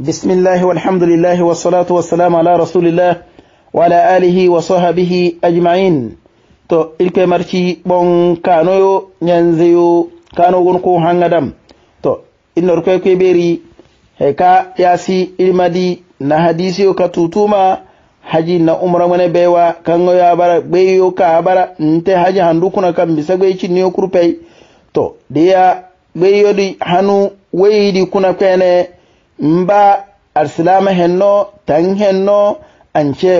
بسم الله والحمد لله والصلاة والسلام على رسول الله وعلى آله وصحبه أجمعين to ilke marci bon kanoyo nyanzeyo kano gon ko hangadam to innor koy koy beri he ka yasi ilmadi na hadisi yo ka tutuma haji na umra mane bewa kango ya bara beyo ka bara nte haji handu kuna kam bisagwe chinyo kurpei to dia beyo di hanu weidi kuna kene mba arsilama henno tan henno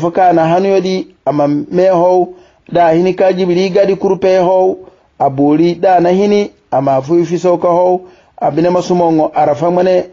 fuka na hanoyodi ama me how da hini ka jibiri gadi kurpe ho a da na hini ama fuifi sauka how abine masumongo arafa mane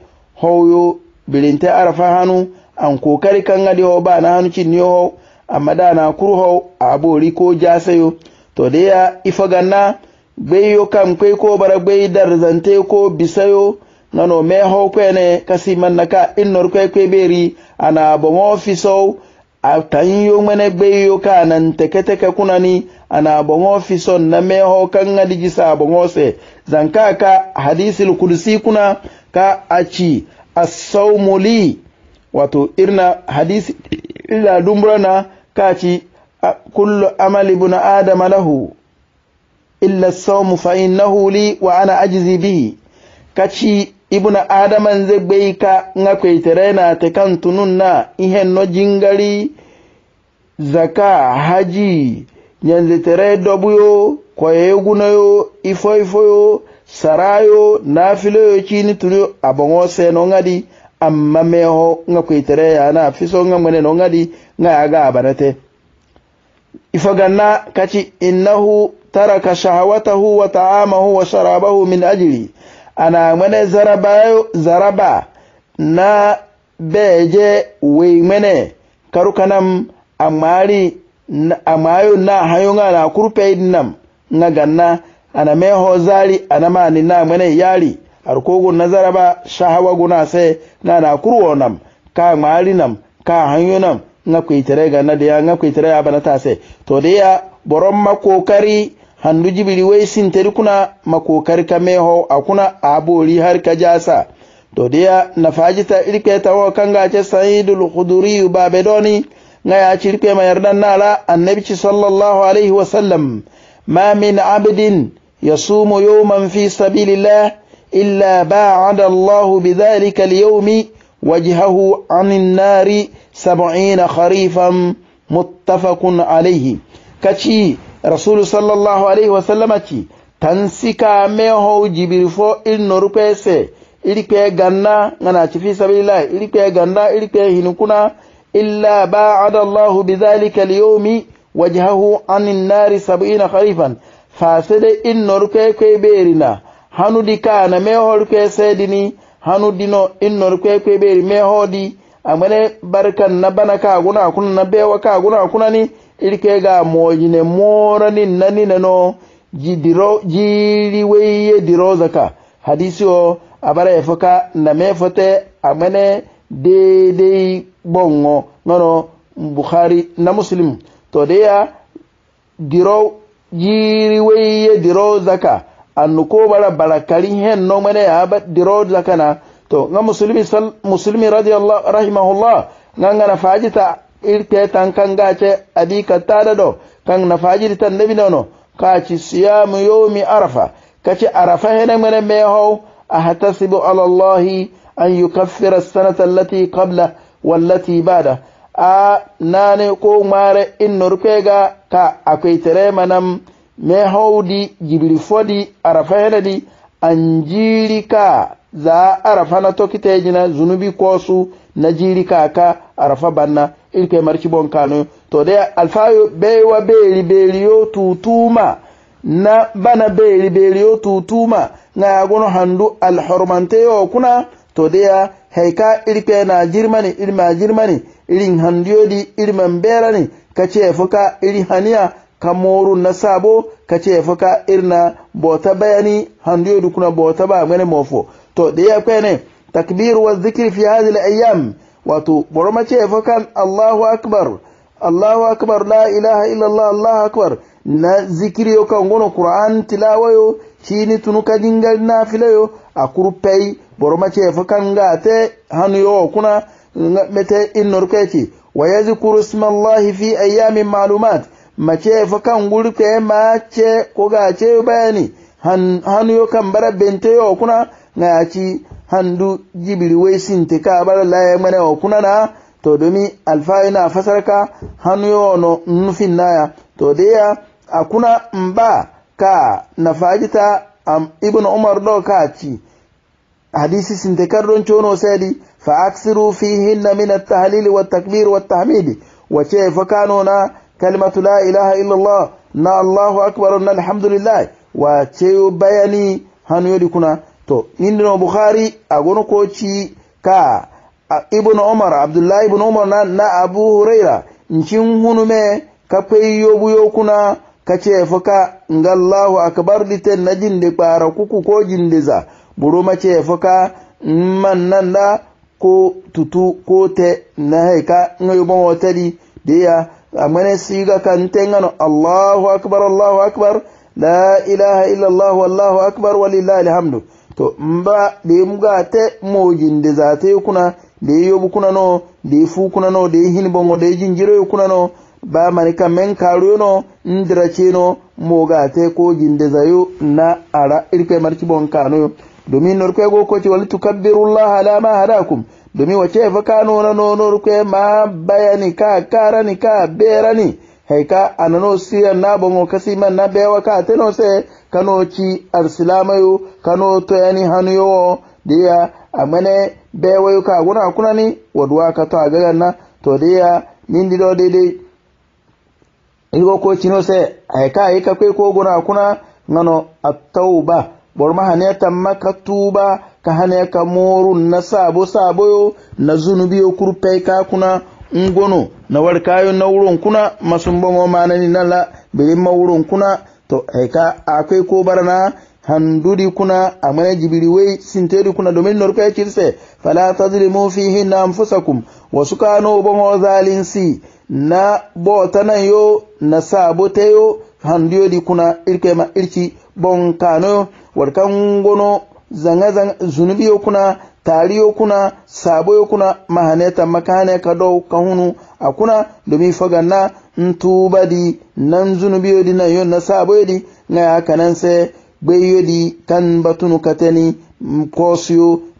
yo birinte arafa hanu an kokari kan gadi ho ba na hanu cinniyo ho amma da na kuru ho a bori ko jasayo to da ya ifa ganna yo kam kwai ko bara dar zante ko bisayo nano meho kwene kasi manna ka innor kwe beri ana bomo fisow atanyo mene beyo ka nan teketeke kunani ana bomo fison na meho kan adigi sa bomo se zanka ka hadisil kudusi kuna ka achi asawmuli watu irna hadisi ila dumbrana ka ci kullu amali buna adama lahu illa sawmu fa innahu li wa ana ajzi bihi kachi ibuna adama nze gbeika nga kweitereenaate kantununna ihe nno jingali zaka haji nyanze tere dobuyo kwayeyogunayo ifoifoyo sarayo nafiloyo chini tulio abongo seno ngadi amma nga kwitere yana fiso nga mwene no ngadi nga aga abanate ifaganna kachi innahu taraka shahawatahu wa ta'amahu wa sharabahu min ajli ana mene zaraba zaraba na beje wei mene karukanam amari amayo na hayunga na kurpe idinam nga ganna ana meho zari ana mani na mene yari arkogun na zaraba shahawa guna se na na nam ka amari nam ka nam nga kuitere ganna da ya nga kuitere abana ta sai to da ya kokari handu jibili wei sinteri kuna makokar kameho akuna aboli harika jasa. to dia nafajita ilketa wo kanga saidu lukuduri ubabedoni babedoni ngaya cirke mayardan nala annabi sallallahu alayhi wa sallam ma min abdin yasumu يوما fi sabili lah illa baada allahu bithalika اليوم wajihahu anin nari sabuina kharifam muttafakun alayhi كشي rasulu sallllahu alayhi wa sallam acci tan jibiri fo il noru peese ili kwe ganna nganaci fi sabilillahi ili kwe ganna ili kwe hinukuna illa baada allahu bidhalika alyaumi wajhahu ani nnari sabina kharifan fasede il noru kwe kwe ɓerina hanudi kana mehol kwe seedini hanudino il noru kwe kwe ɓeri mehoodi amene barkan na bana kaguna kuna na bewa kaguna kunani ilkega mojine morani nani nano jidiro jiri weye dirozaka hadisi o abara efoka name fote amene deidei bongo ngano bukhari na muslim to deya diro jiri weye diro zaka annu ko bara hen no mene aba diro zaka to nga muslimi sal muslimi radiyallahu rahimahullah nga ngana fajita irte tan kan gace adi kattaɗa ɗo kan na fajiri tan nabi nono kaci siyamu yomi arafa kaci arafa hene mene me hau ahtasibu ala llahi an yukaffira sanata allati qabla wallati bada a nani ko mare innorpega ka akuiteremanam me haudi jibri fodi arafa hene di anjiri ka za arafa na tokitejina zunubi kosu na jiri kaka arafa banna ilke marci bon kano to de alfayo bewa beli beli yo tutuma na bana beli beli yo tutuma nga gono handu al yo kuna to de haika ilke na jirmani ilma jirmani ilin handiyodi ilman berani kace fuka iri kamoru na sabo fuka irna bota bayani handiyodu kuna bota ba mene mofo to de ya kwene takbir wa zikri fi hadhihi al-ayyam wato bari mace ya fakan Allahu akbar Allahu akbar la ilaha illa Allah Allahu akbar na zikiri yo kan gono Qur'an tilawa yo chini tunuka jingal nafila yo akurpei bari mace ya fakan ga te hanu yo kuna mete innor keci wa yadhkuru isma Allah fi ayyamin ma'lumat mace fakan gurke mace ko ga ce bayani hannu yo kan bara bente yo kuna ngaci handu jibiri wai sinte ka bara laye mana wa kuna na to domi alfayi na fasarka hannu yawono nufin naya to deya a mba ka na am ibn umar do ka ci hadisi sinte kardon chono sadi fa aksiru fihinna min at-tahlil wa at-takbir wa at-tahmid wa ce fa kanona kalimatu la ilaha illa allah na allahu akbar na alhamdulillah wa ce bayani hannu yodi kuna to no bukhari agono koci ka ibn umar abdullahi ibn umar na, na abu huraira ncin hunume ka pei yobu yokuna ka ce nga allahu akbar liten na jinde kwara kuku ko jindiza buru ma ce faka man nan da ko tutu ko te na haika ngayo bon wotari diya amane siga kan tengano allahu akbar allahu akbar la ilaha illa allahu akbar walillahi alhamdulillah to mba te deemgaate moojin dezaatee kuna kuna no no fu deeyobu kunano deefuu kunano dee hinbongo dee jinjiroyo kunano baa mani ndira kaaruyono ndiraceeno te ko jinde jindezayo na ara irkoye marci bon kaanoyo domin norkoye go koci tukabiru tukabbirullaha ala ma hadakum domin waceefo kaanonano norkoye ma bayani ka karani ka berani haika ananosiya nabomo kasima nabewa katenose kanoci arsilamayu kano toyani hanuyowo diya amene bewayu kaguna kunani waduwa kato agaganna to diya nindiɗo deidei igo kocinose haika ika kwe koguna kuna ngano attauba borma hane tamma ka moru na sabo saboyo na zunubiyo kurpei ka kuna ngonu na warkayo na wuron kuna masumbo mo manani nala bilimma wuron kuna to eka akwai ko barana handudi kuna amana jibiri wai sinteri kuna domin norko ya kirse fala tazlimu fihi na anfusakum wasu kano bon zalinsi na bota yo na sabote ta yo handiyo di kuna irke ma irki bon kano warkan gono zanga zanga zunubi yo kuna taariyo kuna saaboyo kuna mahaneta makane kadow kahunu akuna domi faganna di nan zunubiyodi nan yo na sabo ya saaboyodi ngaya kananse di kan batunu kateni mm,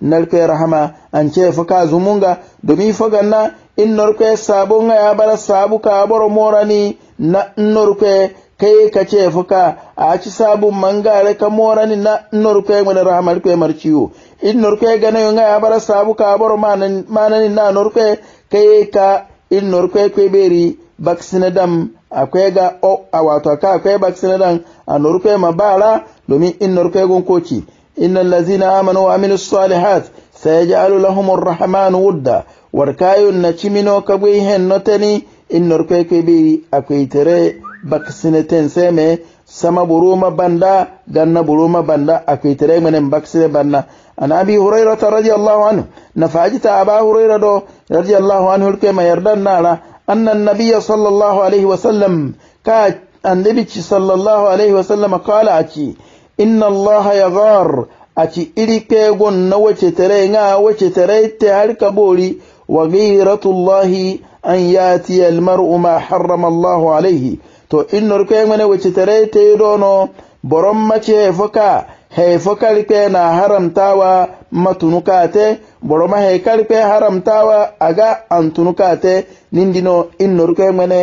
na narkwe rahama ance faka zumunga domi faganna in norkwe sabo ya bara sabu ka boro morani na norkwe kai ka ce fuka a ci sabu mangare ka morani na norkwe ngwene rahama rikwe marciwo in norkwe gane yunga ya bara sabu ka baro manani na norkwe kai ka in norkwe kwe beri baksina dam akwai ga o a wato ka akwai baksina dam a norkwe ma domin in norkwe gun koci innal lazina amanu wa amilus salihat sayaj'alu lahumur rahmanu wudda warkayun na chimino kabwi hen notani in norkwe kwe beri akwai tare bak sineten seme sama buruma banda ganna buruma banda akwitere menen sine banda an abi hurairata radiallahu anhu nafajita aba hurayra do radiallahu anhu mayardan nala anna nabiyya sallallahu alayhi wa sallam ka andeɓicci sallallahu alayhi wa sallam kala aci inna allah yagar aci iri gon na tere nga tere te harka ɓori wa giratullahi أن يأتي المرء ما حرم الله عليه to innorkuyemene wecciterey teyiɗono boron maci he foka hey fokali kue na haramtawa matunukate boroma hey kali kue haramtawa aga antunukate nindino innorkuyemene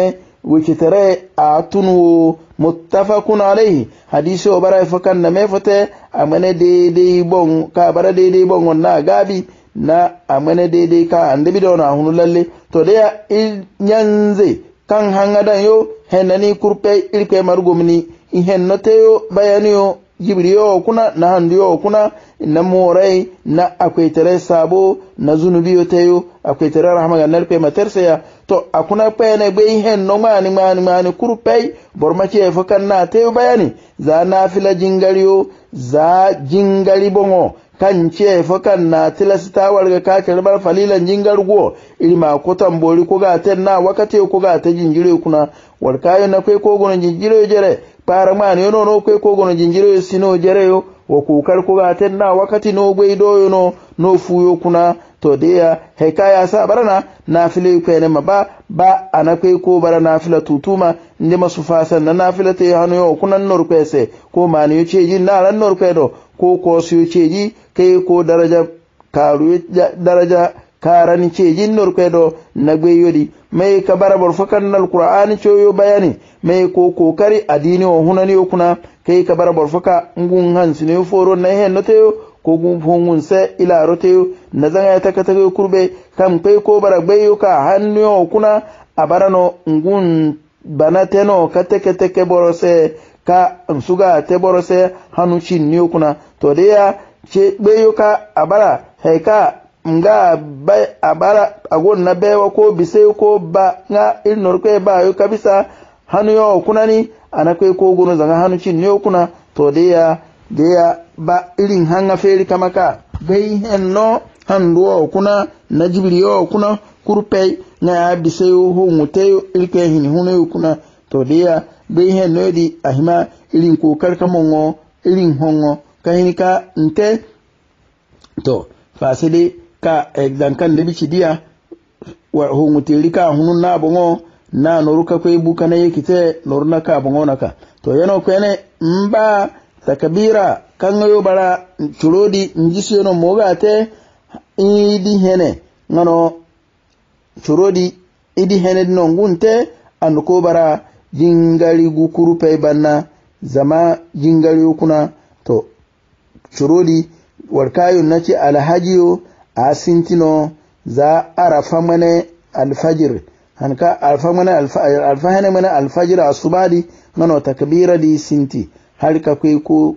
wecciterey a tunwu muttafakun alayhi hadisi o bara fokan name fote amene deidey bon ka bara deidey bon on na gaabi na amene deidey ka andeɓiɗona hunu lalle to deya i ñanze kan yo hennani kurpe ilpe marugumni ihennoteyo bayaniyo jibriyo kuna na handiyo kuna na morai na akwetere sabo na zunubiyo teyo akwetere rahama ga nalpe materse ya to akuna pene be ihen no mani mani mani kurpe bormaci e fokan na teyo bayani za nafila yo za jingali bongo kan ce fakan na tilasta warga ka karbar falilan jingar go ilma ko tambori ko ga ten na wakate ko ga na kai ko gono jingire jere para man yo no no kai ko sino jere yo okuukalikubwa ate na wakati n'ogwaida oyo no n'ofuuya okuna todeya hekaya sa barana nafila ikwenema ba ba anakwei ko bara nafila tutuma nde masufasan na nafila te hanoyo okunan norkwese ko maniyo ceji naran norkwedo ko kosiyo ceji kai ko daraja karuyo daraja karani ce jinnor kwedo nagwe yodi mai kabara bor fakan nal qur'ani ce yo bayani mai ko kokari adini o hunani o kuna kai kabara bor faka ngun hansi ne foro na hen no teo ko gun fongun se ila roteo na zanga ya takata kurbe kam kai ko bara gbeyo ka hanni o kuna abarano ngun bana teno kateke teke borose ka nsuga te borose hanu chin ni kuna to ce gbeyo ka abara haika nga abara agon na bewa ko bise ko ba nga ilnor ko ba yo kabisa hanu yo kuna ni anakwe ko gono zanga hanu chin yo kuna to deya deya ba irin hanga feri kama gai henno handuwa kuna na jibriyo kuna kurpei na bise yo ho ngute ilke hin hunu kuna to deya gai henno di ahima irin ko karkamongo irin hongo kahinika nte to fasede ka eh, dan kan da bici dia wa hungutiri ka hunun na bongo na noru ka kwe buka na yekite noru na ka bongo na ka to yano kwene mba takabira kanga yo bara chulodi njisi yono moga ate idi hene ngano chulodi idi hene dino ngunte anuko ko bara jingali gukuru pe zama jingali ukuna to chulodi walkayo nachi alahaji yo asintino za arafa mwene alfajir hanka alfa mwene alfa hene mwene alfajir asubadi ngano takbira di sinti halika kweku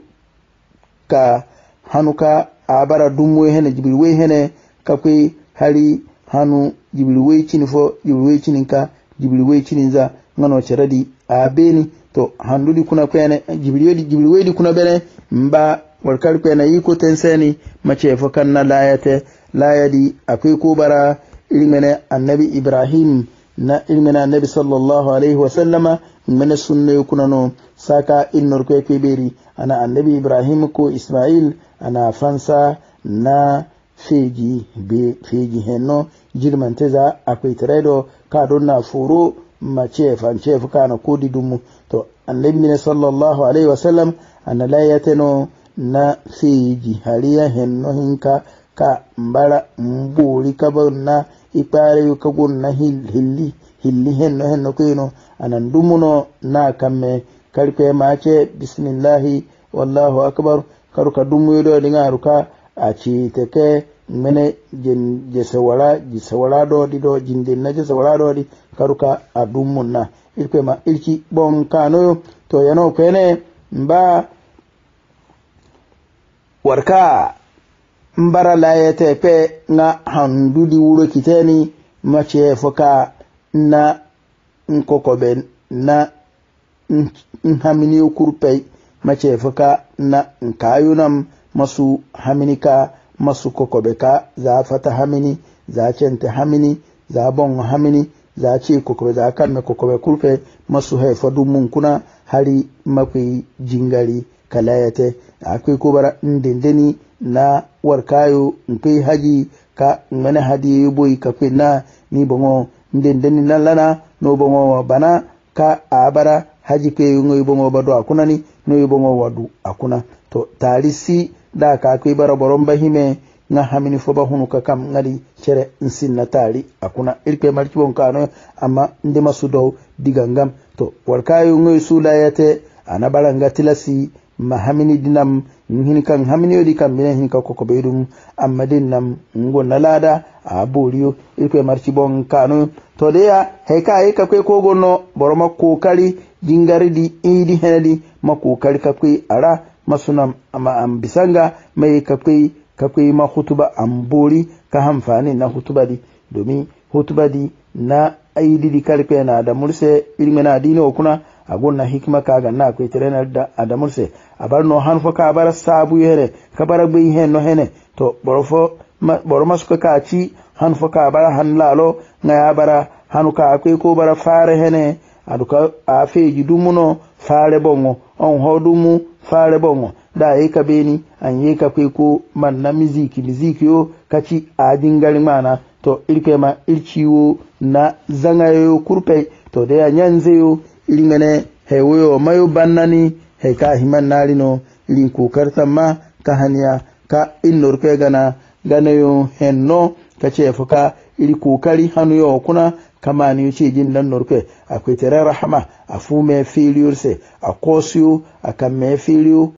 ka hanuka abara dumwe hene jibiliwe hene kakwe hali hanu jibiliwe chini fo jibiliwe chini nka jibiliwe chini za ngano ceradi abeni to handuli kuna kwene jibiliwe di kuna bene mba warkar kwena iko tenseni mace fukan na layate layadi akwai kubara ilmene annabi ibrahim na ilmene annabi sallallahu alaihi wasallama mene sunne kunano saka ilnor kwe kweberi ana annabi ibrahim ko ismail ana fansa na feji be feji henno jirmanteza akwai teredo kadon na foro mace fance fukana kodi dumu to annabi ne sallallahu alaihi wasallam ana layate no nafiji haliya henno hinka ka mbala mbuuli kabonna ipaareyuka gonna hilli hilli henno henno kuyino anan dumuno na kamme kali koye maace bisimillahi wallahu akbar karu ka dummuyoɗoɗi aciiteke mene je sewala je sewala jindinna je sewala ɗoɗi karu ka a dummunna to yano koyene mba warka mbara layete pe na handudi wuro kiteni mace fuka na nkokobe na nhamini kurpei mace fuka na nkayunam masu haminika masu ka za fata hamini za cente hamini za bon hamini za ce kokobe za kan kokobe kurfe masu haifa dumun kuna hari makwai jingari kalayate akwai kubara ndendeni na warkayo nkai haji ka ngana hadi boy ka na ni bongo ndendeni na no bongo bana ka abara haji pe ngoy bongo badu akuna ni no bongo wadu akuna to talisi da ka akwai bara boromba hime nga hamini foba hunuka kam ngari cere nsinna taali akuna irke marci bon kano amma ndema digangam to warkayo ngoy sulayate ana baranga tilasi ma hamini dinam hin kan haminiyodi kam minen hin kan koko ɓeyɗum amma din nam go nalaada a boriyo irko e marci bon kano to deya hay ka yeka koye kogonno boro ma kokali jingaridi iidi henadi ma kokali ka koye ara ma sunam ama am bisanga maye ka koye ka koye ma hutuba am boori ka hanfani na hutuba di domi hutuba di na aididi kali koye na damurse irimena dini o kuna a gonna hikma kaga na koy terena a damol se a barno han fo ka bara saabuy hene ka bara ɓey hen no hene to ɓoro fo ɓoro masko ka ci han fo ka bara han laalo gaya bara hanu ka koy ko bara faare hene aɗu ka a feeji dumuno faare boŋo on ho dumu faare boŋo da ye ka ɓeni an ye ka koy ko manna misiki misiki yo kaci a dingari mana to irkema ir ciwo na zagayoyo kurpey to de a ñanseyo ilingane hewoyo mayo bannani he ka himannalino ilin kukartamma ka haniya ka innorke gana ganayo henno kace fuka ili kukari hanuyo kuna kama ni uchi jindan norke akwitere rahama afume filiurse akosiu akamme filiu